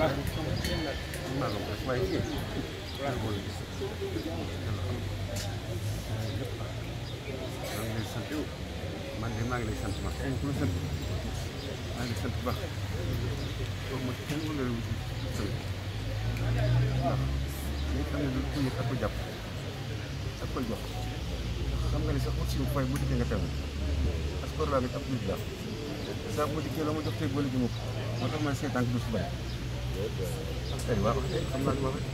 man de maa ngi lay sant ma kenn ku la sant maa ngi lay sant bu baax loolu mooy kenn wala lu tamit ndax li xam ne lu tudd ak ko jàpp ak koy jox xam nga ne sax aussi fay bu dikkee nga teew parce que war nga ab jullit la saa bu dikkee la ma jox tey boole ji ma ko moo tax ma seetaan du si bari waaw xam naa li ma wax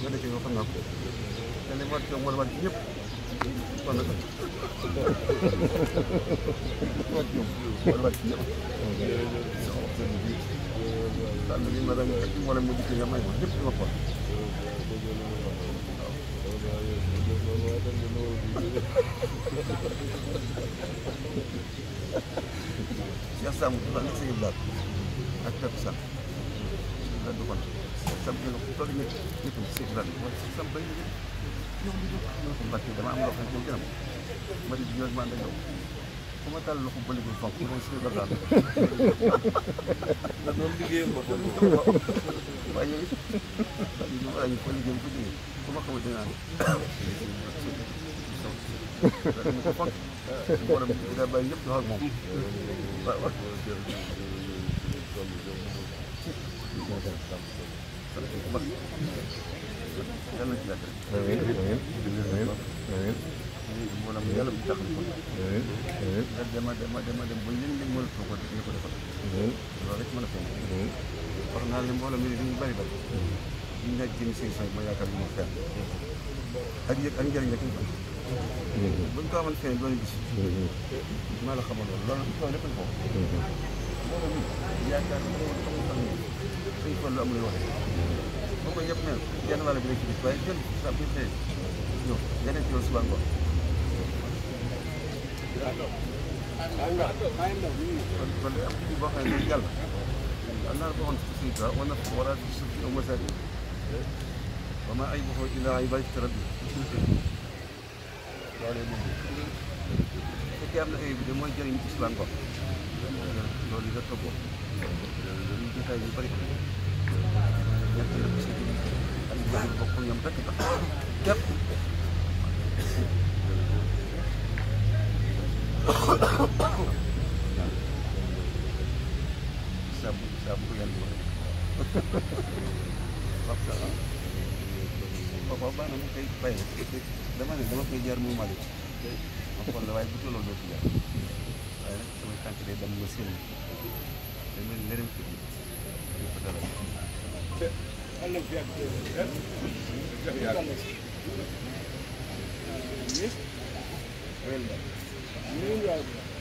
nga dëkk yow xam naa ko te li ma doon war a war ci ñëpp war na ko war a war ci ñëpp. daal li ma dem wala mu dikk nga may ma ñëpp di ma xool. waaw. yàlla sàmm ak Pep Sall. du ko sam ñu ko toog ñu ñu ko ci dal mo sam bay ñu ñoom ñu ko mbàkk dama am loo xam ne gënam ma di ñoo man da ñoom ku ma tal loxo bëli bu fonk mo ci ba dal da doon liggéey ko do waaye ñu ñu ay ko liggéey ko liggéey ku ma xaw dina ko fonk borom da bay ñëpp do ak moom amiin amiin amiin amiin maanaam yàlla bu taxaw ko nga dema dema dema dem ba yéen ñi mën a ko defal loolu rek mën a feeñ wax naa leen mbooloo mi dañu bari bari ñu nekk jëm seen ma yaakaar ni moo feeñ ak yëg ak njëriñ rek ñu am bu ñu ko amoon feeñ doon gis maa la xamal loolu loolu ñu ko lépp ko ni ko lu amul waxee moom mooy yëpp nag genn wàll bi la ci gis waaye jël sa bu tey ba ma ay bokkoo ci rajo loolee moom fekkee am na ayib de mooy jëriñ ci suba ngoon loolu la toggoo loolu ñu bari dana ko seetlu ak jaay bokk ñoom rek tax képp. saabu saabu yàlla wax wax dëgg waaw baax na mu koy bay dama ne dama koy jaar muy Mali ma xool la waaye bu tolloo doo ci jaar waaye nag samay tànk day dem ma séen damay ngërëm ci ko dara Thank you.